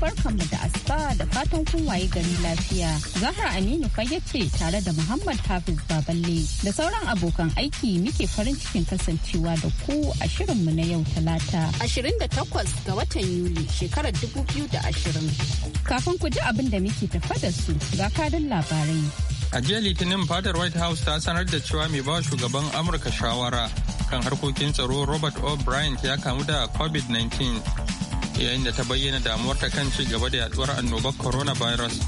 barkanmu da asuba da fatan kun waye gari lafiya. Zahra Aminu fayyace ce tare da Muhammad Hafiz Baballe da sauran abokan aiki muke farin cikin kasancewa da ku a shirinmu na yau Talata. 28 ga watan Yuli shekarar 2020. Kafin ku ji abin da muke tafa da su ga kadin labarai. A jiya Litinin fadar White House ta sanar da cewa mai ba shugaban Amurka shawara kan harkokin tsaro Robert O'Brien ya kamu da COVID-19 yayin da ta bayyana damuwarta kan ci gaba da yaduwar annobar coronavirus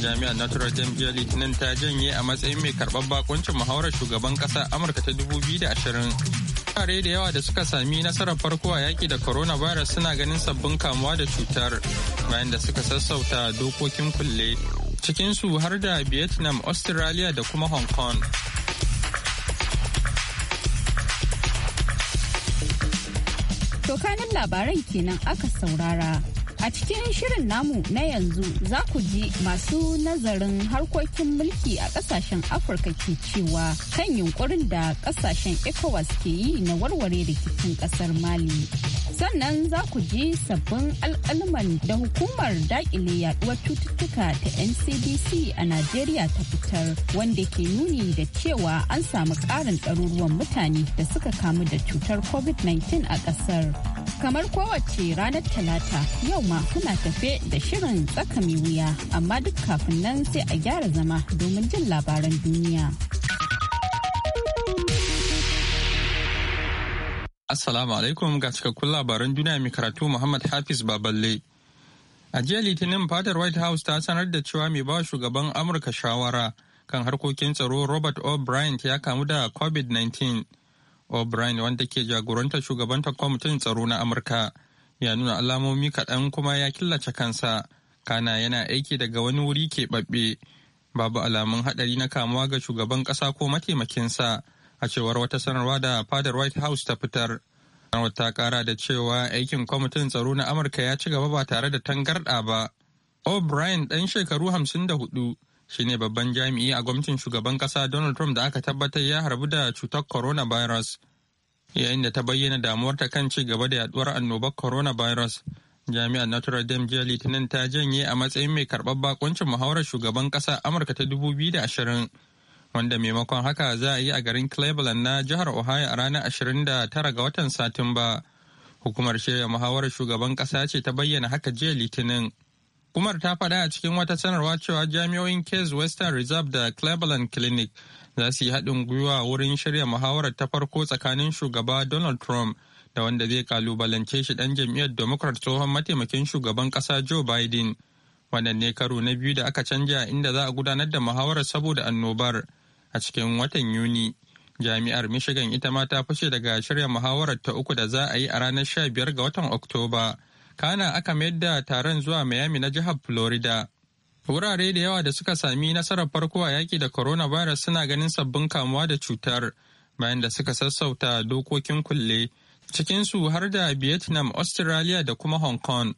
jami'ar natural jam jelly litinin ta janye a matsayin mai karɓar bakuncin muhawarar shugaban ƙasa amurka ta dubu biyu da ashirin. da yawa da suka sami nasarar farko a yaƙi da coronavirus suna ganin sabbin kamuwa da cutar bayan da suka sassauta dokokin kulle cikinsu har da vietnam australia da kuma hong kong To labaran kenan aka saurara. A cikin shirin namu na yanzu za ku ji masu nazarin harkokin mulki a kasashen Afirka ke cewa kan yunkurin da kasashen ECOWAS ke yi na warware rikicin kasar Mali. Sannan za ku ji sabbin alkalman da hukumar daƙile yaduwar cututtuka ta NCDC a Najeriya ta fitar wanda ke nuni da cewa an samu ƙarin ɗaruruwan mutane da suka kamu da cutar COVID-19 a ƙasar. kamar kowace ranar talata yau ma kuna tafe da shirin tsaka mai wuya amma duk kafin nan sai a gyara zama domin jin labaran duniya. Assalamu alaikum ga cikakkun labaran duniya mai karatu Muhammad Hafiz Baballe. A jiya Litinin fadar White House ta sanar da cewa mai ba shugaban Amurka shawara kan harkokin tsaro Robert O'Brien ya kamu da COVID-19. O'Brien wanda ke jagorantar shugabantar kwamitin tsaro na Amurka ya nuna alamomi kaɗan kuma ya killace kansa kana yana aiki daga wani wuri keɓaɓɓe babu alamun haɗari na kamuwa ga shugaban ƙasa ko mataimakinsa a cewar wata sanarwa da fadar White House ta fitar. Sanarwar ta ƙara da cewa aikin kwamitin tsaro na Amurka ya ci gaba ba tare da tangarɗa ba. O'Brien ɗan shekaru hamsin da hudu shine babban jami'i a gwamnatin shugaban kasa Donald Trump da aka tabbatar ya harbu da cutar coronavirus. Yayin da ta bayyana damuwar ta kan ci gaba da yaduwar annobar coronavirus, jami'ar Notre Dame jiya Litinin ta janye a matsayin mai karɓar bakuncin muhawarar shugaban kasa Amurka ta 2020, wanda maimakon haka za a yi a garin Cleveland na jihar Ohio a ranar 29 ga watan Satumba. Hukumar shirya muhawarar shugaban kasa ce ta bayyana haka jiya Litinin. Hukumar ta faɗa a cikin wata sanarwa cewa jami'o'in Case Western Reserve da Cleveland Clinic za su yi haɗin gwiwa wurin shirya muhawarar ta farko tsakanin shugaba Donald Trump da wanda zai kalubalance shi ɗan jam'iyyar Democrat tsohon mataimakin shugaban ƙasa Joe Biden. Wannan ne karo na biyu da aka canja inda za a gudanar da muhawarar saboda annobar a cikin watan Yuni. Jami'ar Michigan ita ma ta fashe daga shirya muhawarar ta uku da za a yi a ranar 15 ga watan Oktoba. kana aka mayar da taron zuwa miami na jihar florida wurare da yawa da suka sami nasarar farko a yaki da coronavirus suna ganin sabbin kamuwa da cutar bayan da suka sassauta dokokin kulle cikinsu har da vietnam australia da kuma hong kong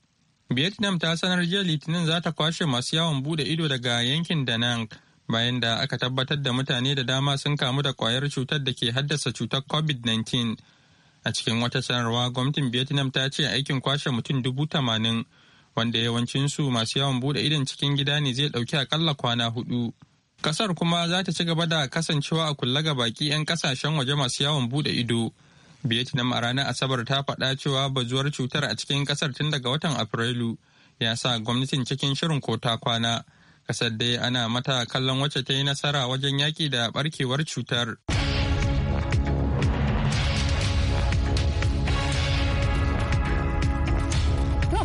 vietnam ta sanar jiya litinin za ta kwashe masu yawon bude ido daga yankin da nan bayan da aka tabbatar da mutane da dama sun kamu da kwayar cutar da ke haddasa cutar covid-19 A cikin wata sanarwa gwamnatin Vietnam ta ce aikin kwashe mutum dubu tamanin wanda yawancinsu masu yawon bude idon cikin gida ne zai dauki akalla kwana hudu. Kasar kuma za ta ci gaba da kasancewa a kulla ga baki 'yan kasashen waje masu yawon bude ido. Vietnam a ranar Asabar ta faɗa cewa bazuwar cutar a cikin kasar tun daga watan Afrilu ya sa gwamnatin cikin shirin ko ta kwana. Kasar dai ana mata kallon wacce ta yi nasara wajen yaki da barkewar cutar.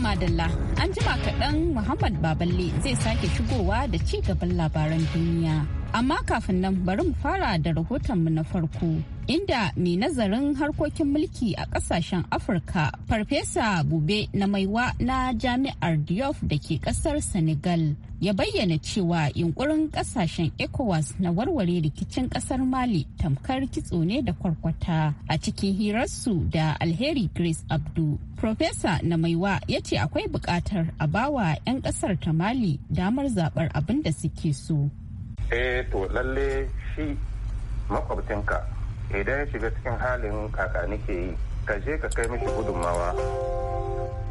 madalla an jima kaɗan Muhammad Baballe zai sake shigowa da ci gaban labaran duniya. Amma kafin nan bari mu fara da rahotonmu na farko. inda mai nazarin harkokin mulki a kasashen afirka farfesa bube na maiwa na jami'ar diof da ke kasar senegal ya bayyana cewa yunkurin kasashen ecowas na warware rikicin kasar mali tamkar kitso ne da kwarkwata a cikin hirarsu da alheri grace abdu Profesa maiwa ya ce akwai buƙatar a bawa 'yan ƙasar ta Mali damar zaɓar abin da suke so. Eh to lalle shi idan ya shiga cikin halin kaka nike yi ka je ka kai mishi gudunmawa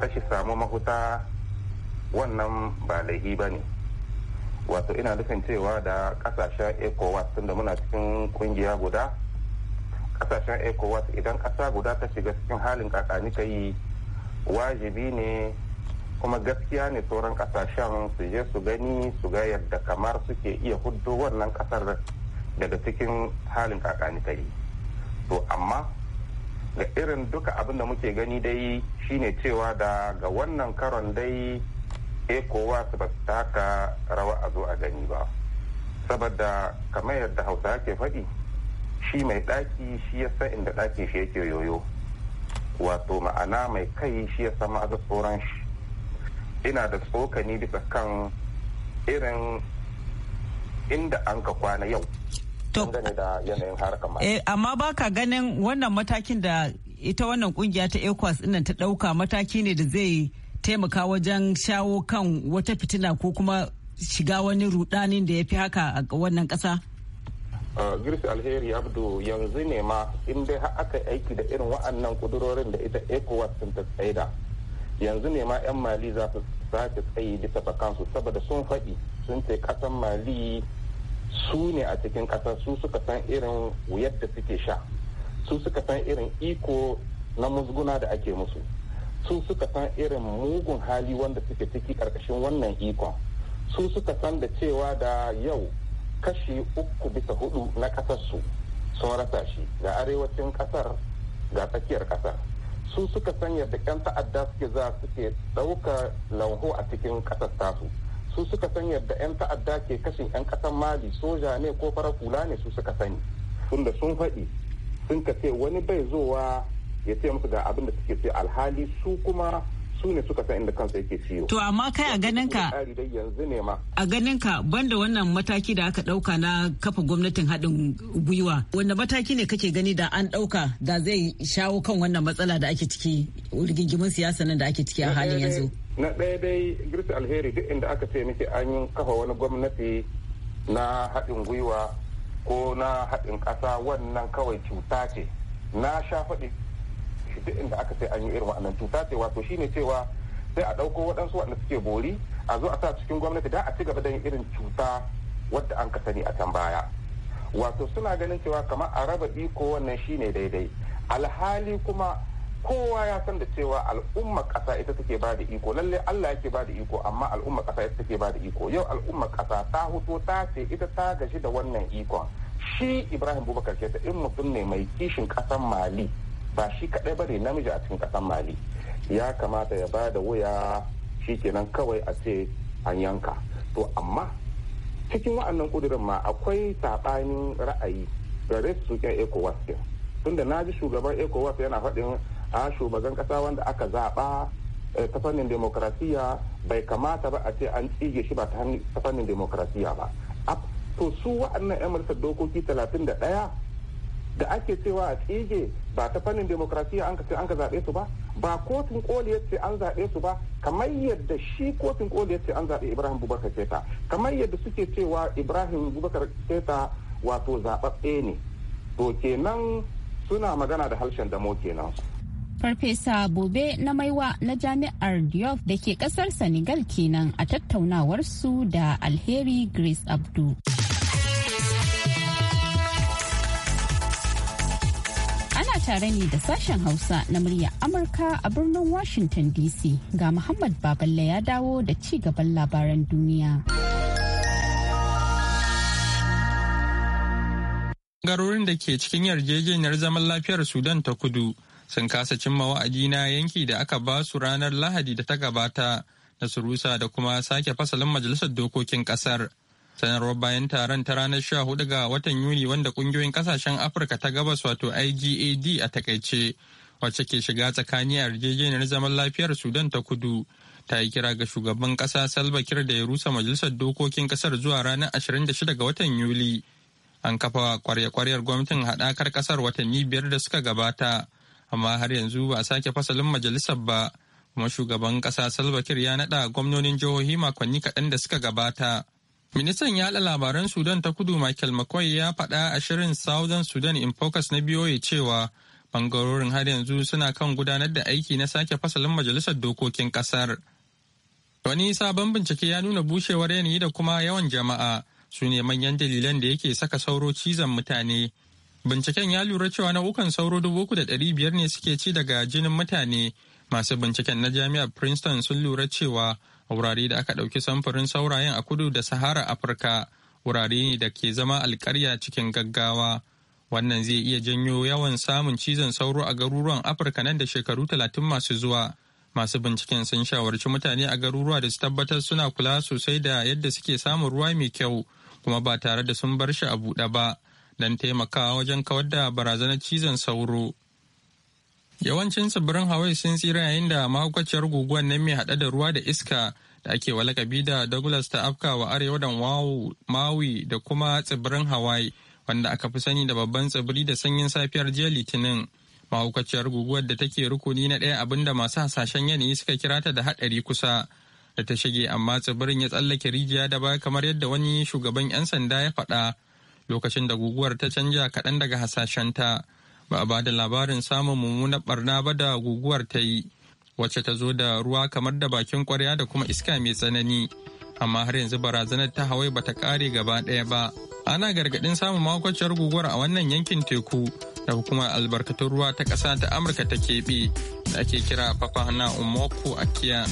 ka shi samu mahuta wannan ba laihi ba ne wato ina nufin cewa da kasashen ecowas tunda muna cikin kungiya guda kasashen ecowas idan kasa guda ta shiga cikin halin kaka ka yi wajibi ne kuma gaskiya ne sauran kasashen su je su gani su ga yadda kamar suke iya huddo wannan kasar daga cikin halin kakani ka yi to amma da irin duka abin da muke gani dai shine cewa da ga wannan karon dai eh, kowa su ba su taka rawa a zo a gani ba saboda kamar yadda hausa ke faɗi shi mai ɗaki shi ya sa inda ɗaki shi yake yoyo wato ma'ana mai kai shi ya sama a tsoron shi ina da tsokani bisa kan irin inda an ka kwana yau dangane da yanayin harkar eh, amma baka ganin wannan matakin da ita wannan kungiya ta ECOWAS dinnan ta dauka mataki ne da zai taimaka wajen shawo kan wata fitina ko kuma shiga wani rudanin da ya fi haka a wannan kasa uh, Girsi Alheri Abdu yanzu ne ma in dai aka aiki da irin wa'annan kudurorin da ita ECOWAS sun ta tsaida yanzu ne ma 'yan Mali za su sake tsayi bisa kansu saboda sun faɗi sun ce ƙasan Mali su ne a cikin ƙasar su suka san irin wuyar da suke sha su suka san irin iko na musguna da ake musu su suka san irin mugun hali wanda suke ciki ƙarƙashin wannan ikon su suka san da cewa da yau kashi uku bisa hudu na ƙasarsu sun rasa shi ga arewacin ƙasar ga tsakiyar ƙasar su suka san yadda 'yan ta'adda suke za suke ɗauka lauho a cikin kasar tasu su suka san yadda 'yan ta'adda ke kashin 'yan kasan mali soja ne ko fara kula ne su suka sani da sun faɗi sun ka ce wani bai zowa ya ce musu ga abin da suke ce alhali su kuma su ne suka san inda kansa yake ciwo. To amma kai a ganin ka a ganin ka banda wannan mataki da aka dauka na kafa gwamnatin haɗin gwiwa wanda mataki ne kake gani da an dauka da zai shawo kan wannan matsala da ake ciki rigingimin siyasa nan da ake ciki a halin eh, eh, yanzu. na ɗaya dai girsi alheri duk inda aka ce miki an yi kafa wani gwamnati na haɗin gwiwa ko na haɗin ƙasa wannan kawai cuta ce na sha faɗi duk inda aka ce an yi irin wannan cuta ce wato shine cewa sai a ɗauko waɗansu waɗanda suke bori a zo a sa cikin gwamnati da a ci gaba da yin irin cuta wadda an ka sani a can baya wato suna ganin cewa kamar a raba iko wannan shine daidai alhali kuma kowa ya san da cewa al'umma kasa ita take ba da iko lalle Allah yake ba da iko amma al'umma kasa ita take ba da iko yau al'umma kasa ta huto ta ce ita ta gashi da wannan ikon shi Ibrahim Bubakar Keta in mutum ne mai kishin kasan Mali ba shi kaɗai ba namiji a cikin kasan Mali ya kamata ya ba da wuya shi kenan kawai a ce an yanka to amma cikin wa'annan ƙudurin ma akwai saɓanin ra'ayi ga su 'yan ecowas tunda na ji shugaban ecowas yana faɗin a shugaban kasa wanda aka zaɓa eh, ta fannin demokrasiya bai kamata ba a ce an tsige shi ba ta fannin demokrasiya ba to su wa'annan 'yan majalisar dokoki talatin da ake cewa a tsige ba ta fannin demokrasiya an ce an ka zaɓe su ba ba kotun koli yace an zaɓe su ba kamar yadda shi kotun koli yace an zaɓe ibrahim bubakar keta kamar yadda suke cewa ibrahim bubakar keta wato zaɓaɓɓe ne to kenan suna magana da harshen damo kenan Farfesa Bobe na Maiwa na Jami'ar Diop da ke kasar Senegal kenan a tattaunawar su da Alheri Grace Abdu. Ana tare ne da sashen Hausa na murya Amurka a birnin Washington DC ga Muhammad Baballe ya dawo da ci gaban labaran duniya. Garorin da ke cikin yarjejeniyar zaman lafiyar Sudan ta kudu. sun kasa cimma wa'adi na yanki da aka ba su ranar lahadi da ta gabata da su rusa da kuma sake fasalin majalisar dokokin kasar sanarwar bayan taron ta ranar 14 ga watan yuli wanda kungiyoyin kasashen afirka ta gabas wato igad a takaice wacce ke shiga tsakani a yarjejeniyar zaman lafiyar sudan ta kudu ta yi kira ga shugaban kasa salva kiir da ya rusa majalisar dokokin kasar zuwa ranar 26 ga watan yuli an kafa kwarya-kwaryar gwamnatin haɗakar kasar watanni biyar da suka gabata amma har yanzu ba a sake fasalin majalisar ba kuma shugaban kasa salva kiir ya naɗa gwamnonin jihohi makonni kaɗan da suka gabata ministan yaɗa labaran sudan ta kudu michael mccoy ya faɗa a shirin southern sudan in focus na biyo ya cewa bangarorin har yanzu suna kan gudanar da aiki na sake fasalin majalisar dokokin kasar wani sabon bincike ya nuna bushewar yanayi da kuma yawan jama'a su ne manyan dalilan da yake saka sauro cizon mutane Binciken ya lura cewa nau'ukan sauro dubu uku da ɗari biyar ne suke ci daga jinin mutane. Masu binciken na jami'ar Princeton sun lura cewa a wurare da aka ɗauki samfurin saurayen a kudu da Sahara Afirka wurare ne da ke zama alkarya cikin gaggawa. Wannan zai iya janyo yawan samun cizon sauro a garuruwan Afirka nan da shekaru talatin masu zuwa. Masu binciken sun shawarci mutane a garuruwa da su tabbatar suna kula sosai da yadda suke samun ruwa mai kyau kuma ba tare da sun bar shi a buɗe ba. don taimakawa wajen kawar da barazanar cizon sauro. Yawancin tsibirin Hawaii sun tsira yayin da mahaukaciyar guguwar nan mai haɗe da ruwa da iska da ake walakabi da Douglas ta afka wa arewa da Maui da kuma tsibirin Hawaii wanda aka fi sani da babban tsibiri da sanyin safiyar jiya Litinin. Mahaukaciyar guguwar da take rukuni na ɗaya abin da masu hasashen yanayi suka kira ta da haɗari kusa. da ta shige amma tsibirin ya tsallake rijiya da baya kamar yadda wani shugaban 'yan sanda ya faɗa lokacin da guguwar ta canja kaɗan daga hasashen ta ba a ba da labarin samun mummunar barna ba da guguwar ta yi wacce ta zo da ruwa kamar da bakin kwarya da kuma iska mai tsanani amma har yanzu barazanar ta hawai bata kare gaba ɗaya ba ana gargaɗin samun makwacciyar guguwar a wannan yankin teku da hukumar albarkatun ruwa ta ƙasa ta amurka ta keɓe da ake kira papahana umoku akiya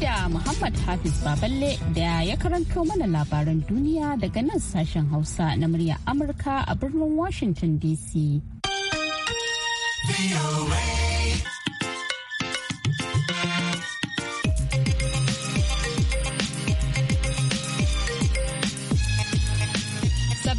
da Muhammad Hafiz Baballe da ya karanto mana labaran duniya daga nan sashen Hausa na murya Amurka a birnin Washington DC.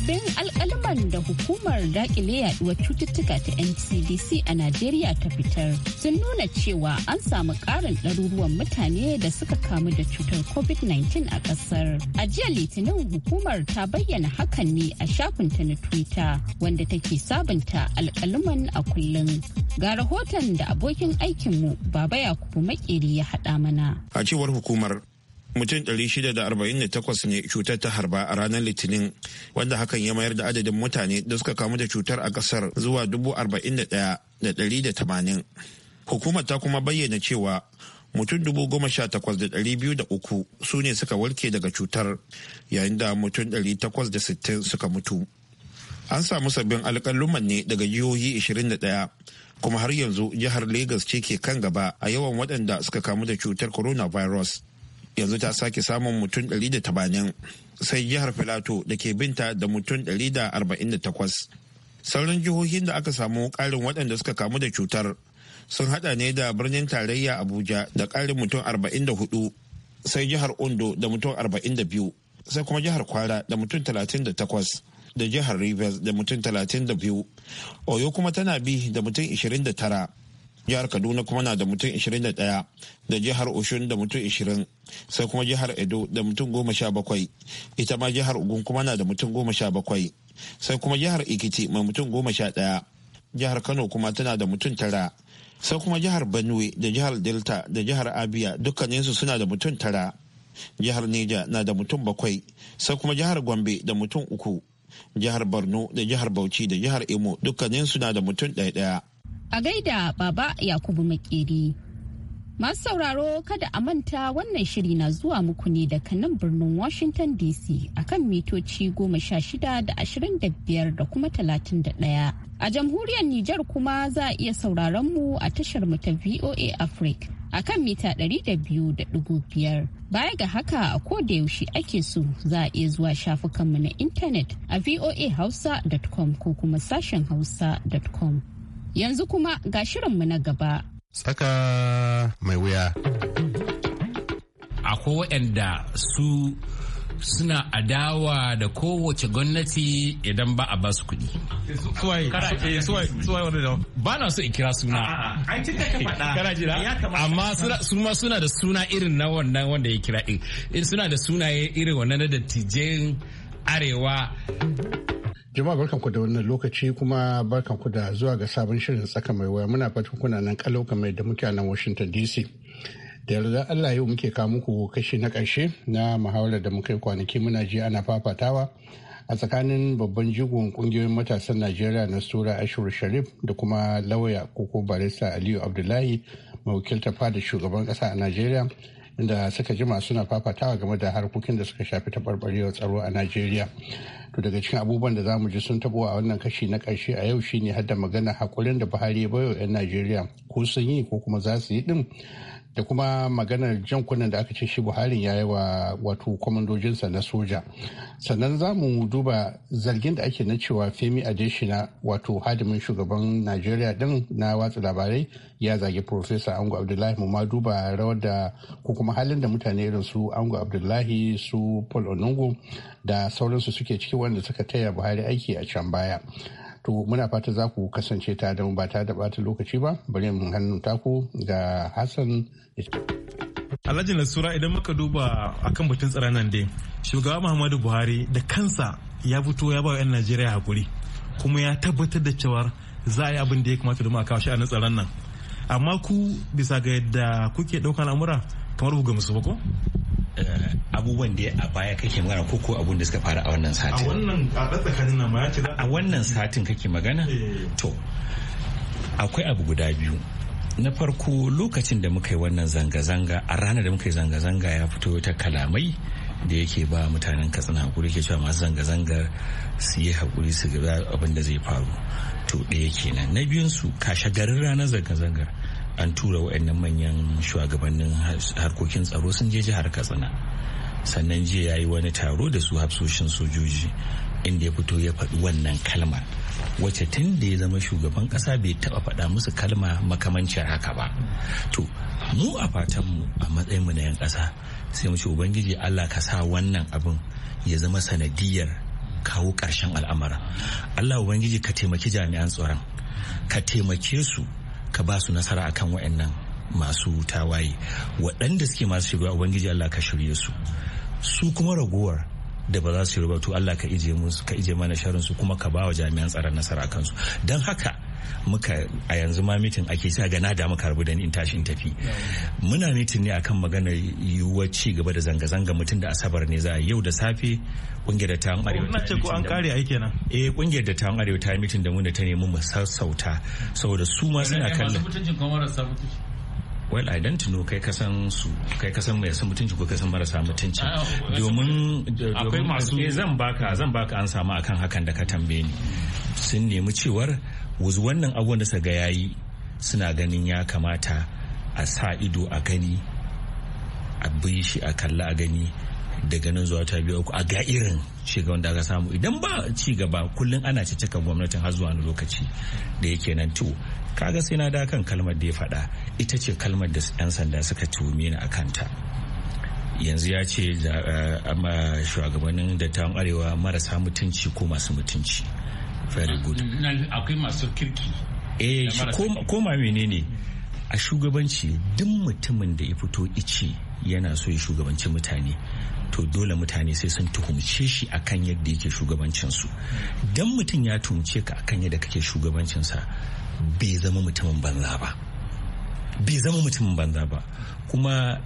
sabbin alkalaman da hukumar daƙile yaɗuwar cututtuka ta ncdc a najeriya ta fitar sun nuna cewa an samu ƙarin ɗaruruwan mutane da suka kamu da cutar covid-19 a ƙasar a jiya litinin hukumar ta bayyana hakan ne a ta na twitter wanda take sabunta alƙaluman a kullum ga rahoton da abokin aikinmu baba yakubu makeri ya haɗa mana a cewar hukumar mutum 648 ne cutar ta harba a ranar litinin wanda hakan ya mayar da adadin mutane da suka kamu da cutar a kasar zuwa 41,180 hukumar ta kuma bayyana cewa mutum 18,203 su ne suka warke daga cutar yayin da mutum 860 suka mutu an samu sabbin alƙaluman ne daga jihohi 21 kuma har yanzu jihar Legas ce ke kan gaba a yawan waɗanda suka kamu da cutar coronavirus yanzu ta sake samun mutum 180 sai jihar filato da ke binta da mutum 148 sauran jihohin da aka samu karin waɗanda suka kamu da cutar sun hada ne da birnin tarayya abuja da karin mutum 44 sai jihar ondo da mutum 42 sai kuma jihar kwara da mutum 38 da jihar rivers da mutum 32 oyo kuma tana bi da mutum jihar kaduna kuma na da mutum 21 da jihar oshun da mutum 20 sai kuma jihar edo da mutum bakwai. ita ma jihar ogun kuma na da mutum sha bakwai sai kuma jihar ikiti mai mutum goma sha 11 jihar kano kuma tana da mutum tara sai kuma jihar benue da jihar delta da jihar abia dukkaninsu suna da mutum tara jihar neja na da mutum bakwai sai kuma jihar gombe da mutum uku jihar borno da jihar bauchi da jihar imo dukkaninsu na da mutum ɗaya A gaida baba Yakubu Makeri. Masu sauraro kada a manta wannan shiri na zuwa muku ne daga nan birnin Washington DC akan mitoci goma sha shida da ashirin da biyar da kuma talatin da ɗaya. A jamhuriyar Nijar kuma za a iya sauraron mu a tashar mu ta VOA Africa akan mita ɗari da biyu da biyar. Baya ga haka a koda yaushe ake so za a iya zuwa shafukanmu na intanet a voahausa.com ko kuma sashen hausa.com. Yanzu kuma ga shirinmu na gaba. Tsaka mai wuya. Akwai waɗanda su suna adawa da kowace gwamnati idan ba a basu kuɗi. Eh, ba na so in kira suna. Amma su ma suna da suna irin na wannan wanda ya kira in suna da sunaye irin wannan da dattijan arewa. Jama'a barkanku da wannan lokaci kuma barkanku da zuwa ga sabon shirin tsaka mai waya muna fatan kuna nan kalauka mai da muke a nan Washington DC. Da yarda Allah yau muke kawo muku kashi na ƙarshe na muhawarar da muka yi kwanaki muna ji ana fafatawa a tsakanin babban jigon kungiyoyin matasan Najeriya na Sura Ashur Sharif da kuma lauya koko barista Aliyu Abdullahi mawakilta fada shugaban ƙasa a Najeriya da suka jima suna fafatawa game da harkokin da suka shafi taɓarɓarewar tsaro a najeriya to daga cikin abubuwan da zamu ji sun tabo a wannan kashi na ƙarshe a yau shine hadda magana hakurin da buhari ya bayo 'yan najeriya ko sun yi ko kuma za su yi din da kuma maganar jan da aka ce shi Buhari ya yi wa wato kwamandojinsa na soja sannan za mu duba zargin da ake na cewa femi adeshina wato hadimin shugaban najeriya din na watsa labarai ya zagi profesa ango abdullahi mu ma duba rawar da ko kuma halin da mutane irin su ango abdullahi su paul onungu da sauransu suke ciki wanda suka taya buhari aiki a can baya to muna fata za ku kasance ta don ba ta da bata lokaci ba bari mu hannu taku ga hassan Alhaji Nasura idan muka duba akan batun tsaron nan dai shugaba Muhammadu Buhari da kansa ya fito ya ba 'yan Najeriya hakuri kuma ya tabbatar da cewar za a yi abin da ya kamata domin a kawo sha'anin tsaron nan amma ku bisa ga yadda kuke ɗaukar al'amura kamar ku gamsu ba ko? Eh, abubuwan da a baya kake magana ko ko abun da suka faru a wannan satin a wannan a tsakanin nan ma ya ce a wannan satin kake magana eh. to akwai abu guda biyu na farko lokacin da muka yi wannan zanga-zanga a ranar da muka yi zanga-zanga ya fito ta kalamai da yake ba mutanen katsina hakuri ke cewa masu zanga-zangar su yi hakuri su gaba abin da zai faru to ɗaya kenan na biyun su kashe garin ranar zanga-zangar an tura waɗannan manyan shugabannin harkokin tsaro sun je jihar katsina sannan jiya ya yi wani taro da su hafsoshin sojoji inda ya fito ya faɗi wannan kalma wacce tun da ya zama shugaban ƙasa bai taɓa faɗa musu kalma makamancin haka ba to mu a fatanmu a matsayinmu na 'yan ƙasa sai mu ce ubangiji allah ka sa wannan abin ya zama sanadiyar kawo ƙarshen al'amara allah ubangiji ka taimaki jami'an tsaron ka taimake su ka ba su nasara akan waɗannan masu tawaye waɗanda suke masu shirya ubangiji Allah ka shirye su su kuma raguwar da ba za su yi to Allah ka ije musu ka ije mana sharin su kuma ka ba wa jami'an tsaron nasara kansu don haka muka a yanzu ma mitin ake sa ga na da muka rubu da in tashi in tafi muna mitin ne akan magana yiwuwar ci gaba da zanga-zanga mutum da asabar ne za a yau da safe kungiyar da ta arewa ta ce ko an kare ai kenan eh kungiyar da ta arewa ta mitin da mu ta nemi mu sassauta saboda su ma suna kallon well i don't know kai kasan su kai kasan mai san mutunci ko kasan marasa mutunci ah, domin akwai masu eh, zan baka zan baka an samu akan hakan da ka tambaye ni sun nemi cewar wuzu wannan abubuwan da saga yayi suna ganin ya kamata a sa ido a gani a bi shi a kalla a gani daga nan zuwa ta biyu uku a ga irin shiga da aka samu idan ba ci gaba kullum ana cika gwamnatin har zuwa wani lokaci da yake nan to kaga sai na da kan kalmar da ya faɗa ita ce kalmar da ɗan sanda suka tuhume ni a kanta yanzu ya ce amma shugabannin ta arewa marasa mutunci ko masu mutunci very good akwai masu kirki eh ko ma menene a shugabanci duk mutumin da ya fito ice yana so ya shugabanci mutane to dole mutane sai sun tuhumce shi akan yadda yake shugabancinsu don mutum ya tuhumce ka akan yadda kake shugabancinsa bai zama mutumin banza ba bai zama mutumin banza ba kuma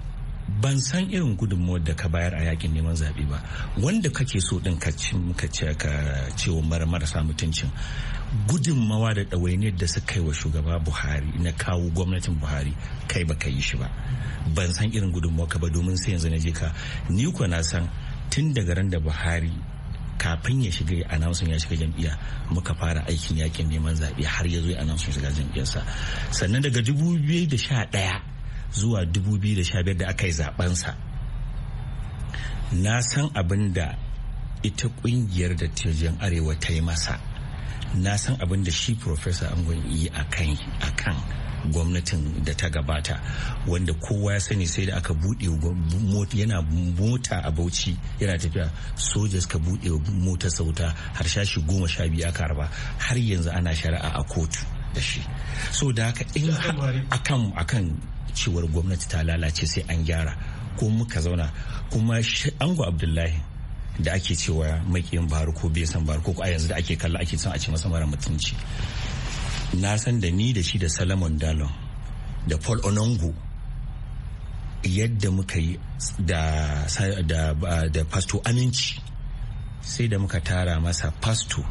ban san irin gudunmuwar da ka bayar a yakin neman zaɓe ba wanda kake so ɗin ka ce ka ce wa marasa mutuncin gudunmawa da ɗawainiyar da suka yi wa shugaba buhari na kawo gwamnatin buhari kai ba ka yi shi ba ban san irin gudunmawa ka ba domin sai yanzu na je ka ni kuwa na san tun daga ran da buhari kafin ya shiga anansun ya shiga jam'iyya muka fara aikin yakin neman zaɓe har ya zo ya shiga jam'iyyarsa sannan daga 2011 zuwa 2015 da aka yi zaɓensa na san abin da ita ƙungiyar da arewa ta yi masa na san abin da shi professor angon yi a kan gwamnatin da ta gabata wanda kowa ya sani sai da aka buɗe yana mota a bauchi yana tafiya soja suka buɗe mota sauta har shashi goma sha biyu aka harba har yanzu ana shari'a a kotu da shi so da haka in akan akan cewar gwamnati ta lalace sai an gyara ko muka zauna kuma ango abdullahi da ake cewa makiyin bahar ko bai san bahar ko a yanzu da ake kalla ake son a ce masa mara mutunci na san da ni da shi da Salamon dalon da paul onongo yadda muka yi da, da, da pasto aminci sai da muka tara masa pasto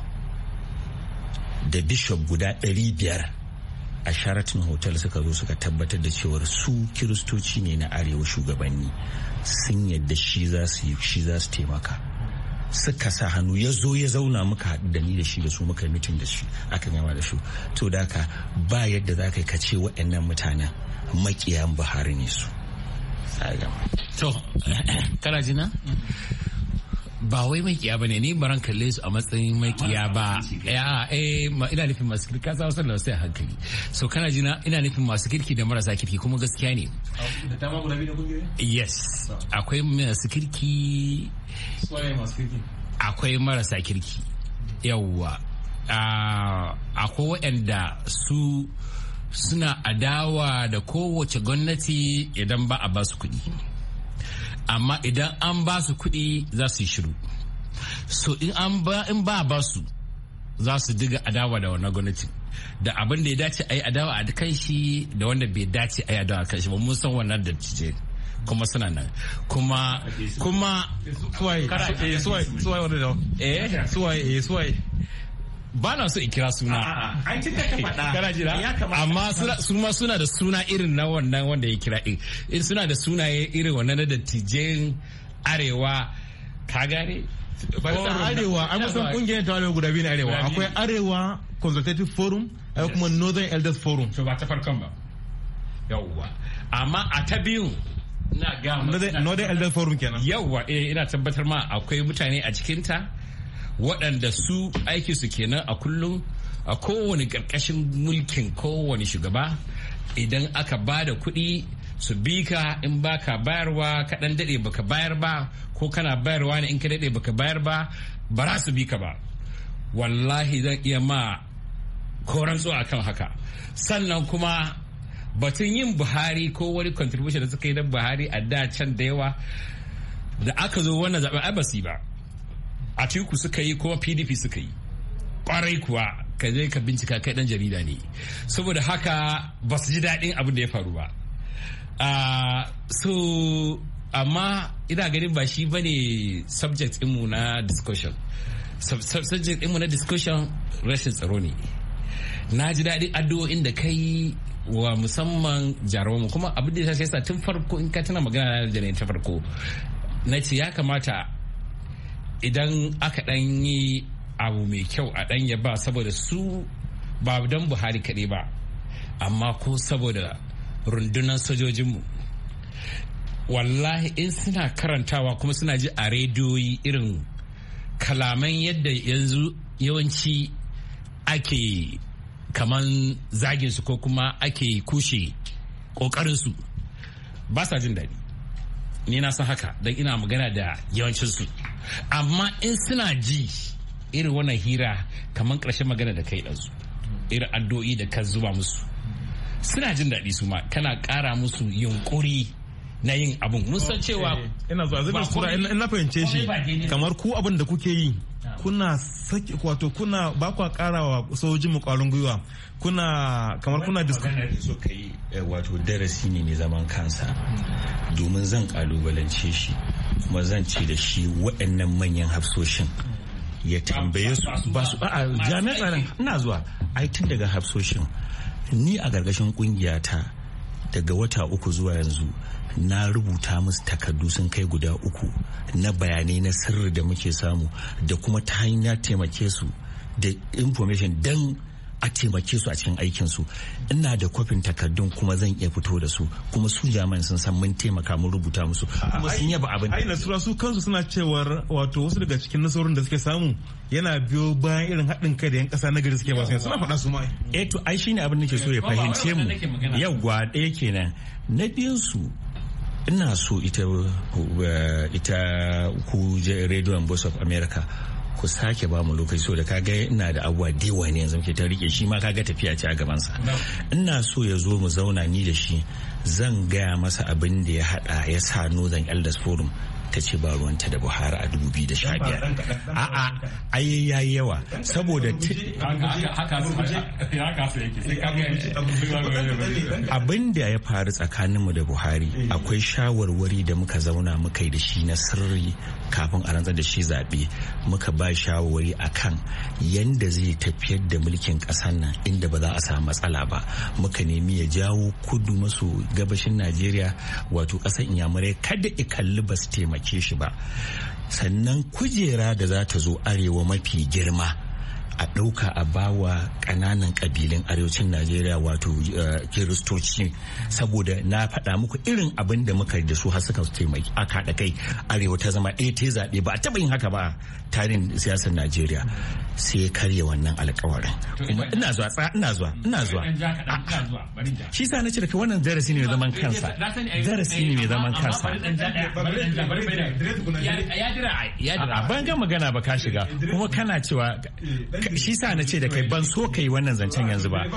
da bishop guda 500 a sharatin hotel suka zo suka tabbatar da cewar su kiristoci ne na arewa shugabanni sun yadda shi za su yi shi za su taimaka suka sa hannu ya zo ya zauna muka haɗu da ni da shi da su muka mitin da shi aka gama da shi to da ka ba yadda za ka yi kace waɗannan mutanen makiyan buhari ne su to kana mm-hmm. ba wai makiya ne ni baran kalle su a matsayin makiya ba ya eh, ina nufin masu kirki kasa sa wasan da sai hankali so kana jina ina nufin masu kirki da marasa kirki kuma gaskiya ne da ta yes akwai masu kirki akwai marasa kirki yawwa ah, akwai waɗanda su suna adawa da kowace gwamnati idan ba a basu kuɗi amma idan an ba su kuɗi za su yi shiru so in an ba in ba ba su za su diga adawa da wannan gwamnati da abin da ya dace a yi adawa a kan shi da wanda bai dace a yi adawa a kan shi ba mun san wannan da cije kuma suna nan kuma kuma suwaye suwaye suwaye wanda da eh suwaye ba na so in kira suna ai tun ka faɗa kana jira amma su ma suna da suna irin na wannan wanda ya kira in suna da sunaye irin wannan na dattijen arewa ka gane arewa an kusan kungiyar ta guda biyu na arewa akwai arewa consultative forum akwai kuma northern elders forum so ba ta farkon ba yawwa amma a ta biyu na gama. northern elders forum kenan yawwa eh, ina tabbatar ma akwai mutane a cikinta waɗanda su aikinsu kenan a kullum a kowane ƙarƙashin mulkin kowane shugaba idan aka ba da kuɗi su bika ka in ka bayarwa kaɗan daɗe baka bayar ba ko kana bayarwa ne in ka daɗe baka bayar ba ba za su bi ba wallahi zan iya ma koran a kan haka sannan kuma batun yin buhari ko wani contribution da suka yi na buhari a da can da yawa da aka zo wannan zaɓen ai ba atiku suka yi kuma pdp suka yi kwarai kuwa ka je ka bincika kai dan jarida ne saboda haka ba su ji daɗin abin da ya faru ba ah, so amma ina ganin ba shi ba ne subject mu na discussion subject mu na discussion rashin tsaro ne na ji daɗin addu'o'in da kai wa musamman jarumanmu kuma abin da ya sa tun farko in ka tana magana da ta farko na ce ya kamata idan aka ɗan yi abu mai kyau a ɗan ba saboda su ba don buhari kaɗai ba amma ko saboda rundunar sojojinmu wallahi in suna karantawa kuma suna ji a rediyoyi irin kalaman yadda yanzu yawanci ake kaman zagin su ko kuma ake kushe ƙoƙarinsu ba sa jin daɗi ni na san haka don ina magana da yawancinsu amma in suna ji irin wannan hira kamar ƙarshen magana da kai ɗansu irin addu'o'i da ka zuba musu suna jin daɗi su ma kana ƙara musu yunƙuri na yin abun mun san cewa ina zuwa zai kura in na fahimce shi kamar ku abin da kuke yi ah. kuna saki wato kuna ba kwa wa sojin mu kwarin gwiwa kuna kamar kuna magana da so kai eh, wato darasi ne mai zaman kansa hmm. domin zan kalubalance shi Kuma zan ci da shi waɗannan manyan hafsoshin ya tambaye su ba su a jami'ar tsaron ina zuwa ai tun daga hafsoshin ni a ƙarƙashin ƙungiyata daga wata uku zuwa yanzu na rubuta musu takardu sun kai guda uku na bayanai na sirri da muke samu da kuma ta hanyar taimake su da information don a taimake su a cikin aikin su ina da kwafin takardun kuma zan iya fito da su kuma su jami'an sun san mun taimaka mun rubuta musu kuma sun yaba abin da ai su kansu suna cewar wato wasu daga cikin nasarorin da suke samu yana biyo bayan irin haɗin kai da yan ƙasa na gari suke ba suna faɗa su ma eh to ai shine abin da ke so ya fahimce mu gwa ɗaya kenan na biyun su ina so ita eh, ita ku rediyon voice of america ku sake ba mu lokaci so da kaga ina da abuwa dewa ne yanzu ke ta rike shi ma kaga tafiya ce a sa ina so ya zo mu zauna ni da shi zan gaya masa abin da ya hada ya sa northern elders forum ta ce ba ruwanta da buhari a 2015 a'a ya yayi yawa saboda abin ya faru tsakanin mu da buhari akwai shawarwari da muka zauna muka yi da shi na sirri kafin a rantsar da shi zaɓe muka ba shawarwari akan yanda zai tafiyar da mulkin ƙasar nan inda ba za a samu matsala ba muka nemi ya jawo kudu maso gabashin najeriya wato ƙasar inyamurai kada i kalli ba su taimaki gabace shi ba sannan kujera da za ta zo arewa mafi girma a ɗauka a bawa ƙananan ƙabilun arewacin najeriya wato eh, kiristoci saboda na faɗa muku irin abin da muka da su har suka taimaki a kaɗa kai arewa ta zama ɗaya ta zaɓe ba a taɓa yin haka ba tarin siyasar najeriya sai ya karya wannan alkawarin kuma ina zuwa ina zuwa ina zuwa shi sa na ce daga wannan darasi ne mai zaman kansa darasi ne mai zaman kansa ya ban ga magana ba ka shiga eh, kuma kana cewa eh, shi sa na ce da kai ban so ka yi wannan zancen yanzu ba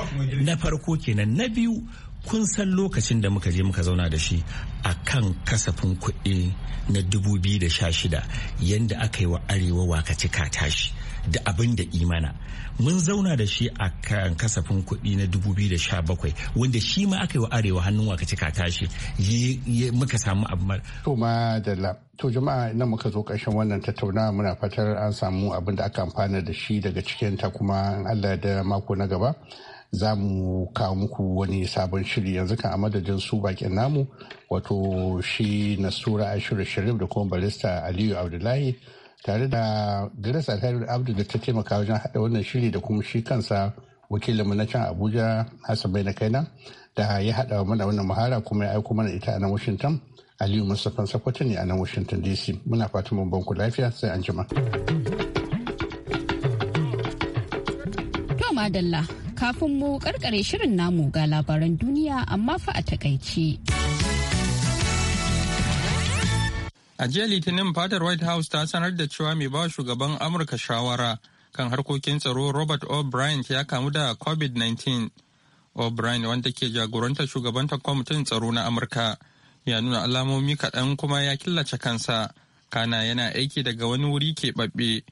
na farko kenan na biyu kun san lokacin da muka je muka zauna da shi a kan kasafin kuɗi na 2016 yadda aka yi wa arewa wakaci katashi tashi da abin da imana mun zauna da shi a kan kasafin kuɗi na 2017 wanda shi ma aka yi wa arewa hannun wakaci cika tashi muka samu abu to ma dalla to jama'a nan muka zo karshen wannan tattaunawa muna fatar an samu abin da aka amfana da shi daga cikin ta kuma Allah da mako na gaba za mu kawo muku wani sabon shiri yanzu kan a madadin su bakin namu wato shi nasura ashiru sharif da kuma barista aliyu abdullahi tare da grace alhari abdu da ta taimaka wajen haɗa wannan shiri da kuma shi kansa wakilinmu na can abuja hassan bai na kaina da ya haɗa mana wannan muhara kuma ya aiko mana ita a nan washington aliyu mustapha sakwato ne a nan washington dc muna fatan mun banku lafiya sai an jima. madalla kafin mu karkare shirin namu ga labaran duniya amma fa a takaice. A jiya Litinin fadar White House ta sanar da cewa mai ba shugaban Amurka shawara kan harkokin tsaro Robert O'Brien ya kamu da COVID-19. O'Brien wanda ke jagoranta shugabanta kwamitin tsaro na Amurka ya nuna alamomi kaɗan kuma ya killace kansa. Kana yana aiki daga wani wuri ke keɓaɓɓe.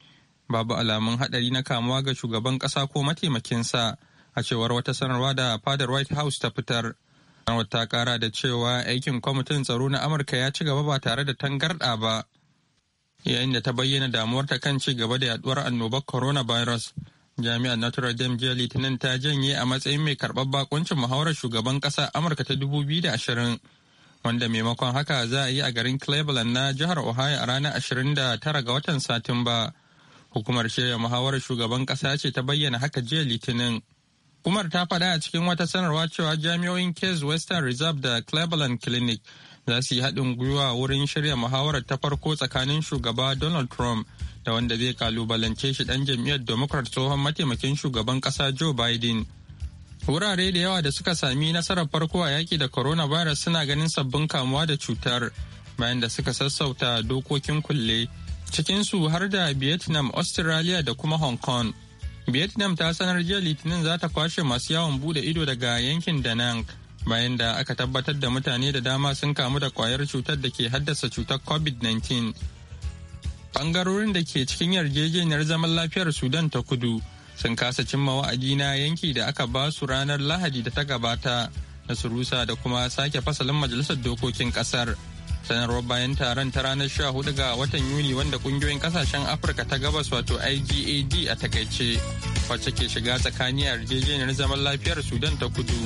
Babu alamun haɗari na kamuwa ga shugaban ƙasa ko mataimakinsa a cewar wata sanarwa da fadar white house ta fitar sanarwar ta kara da cewa aikin kwamitin tsaro na amurka ya ci gaba ba tare da tangarɗa ba yayin da ta bayyana damuwarta kan ci gaba da yaduwar annobar coronavirus jami'ar natural dame jiya litinin ta janye a matsayin mai karɓar bakuncin muhawarar shugaban ƙasa amurka ta 2020 wanda maimakon haka za a yi a garin cleveland na jihar ohio a ranar ashirin da tara ga watan satumba hukumar shirya muhawarar shugaban ƙasa ce ta bayyana haka jiya litinin Hukumar ta faɗa a cikin wata sanarwa cewa jami'o'in Case Western Reserve da Cleveland Clinic za su yi haɗin gwiwa wurin shirya muhawarar ta farko tsakanin shugaba Donald Trump da wanda zai kalubalance shi ɗan jam'iyyar Democrat tsohon mataimakin shugaban ƙasa Joe Biden. Wurare da yawa da suka sami nasarar farko a yaƙi da coronavirus suna ganin sabbin kamuwa da cutar bayan da suka sassauta dokokin kulle cikinsu har da Vietnam, Australia da kuma Hong Kong. vietnam ta sanar jiya litinin za ta kwashe masu yawon bude ido daga yankin da nan bayan da aka tabbatar da mutane da dama sun kamu da kwayar cutar da ke haddasa cutar covid-19 bangarorin da ke cikin yarjejeniyar zaman lafiyar sudan ta kudu sun kasa cimma wa'adi na yanki da aka ba su ranar lahadi da ta gabata na surusa da kuma sake fasalin majalisar dokokin kasar. sanarwar bayan taron ta ranar 14 ga watan yuli wanda kungiyoyin kasashen afirka ta gabas wato igad a takaice wacce ke shiga tsakani a yarjejeniyar zaman lafiyar sudan ta kudu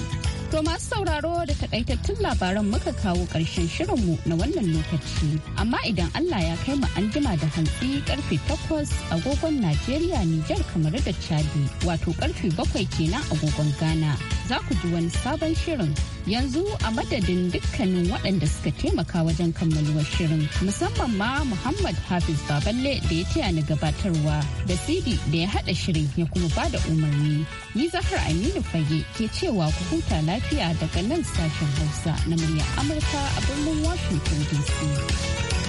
To masu sauraro da takaitattun labaran muka kawo karshen shirinmu na wannan lokaci. Amma idan Allah ya kai mu an da hantsi karfe takwas agogon Najeriya Nijar kamar da Chadi wato karfe bakwai kenan agogon Ghana. Za ku ji wani sabon shirin yanzu a madadin dukkanin waɗanda suka taimaka wajen kammaluwar shirin musamman ma muhammad hafiz baballe da ya taya ni gabatarwa da sidi da ya haɗa shirin ya kuma ba da umarni ni zahar aminu fage ke cewa ku huta lafiya daga nan sashen hausa na muryar amurka a birnin washington dc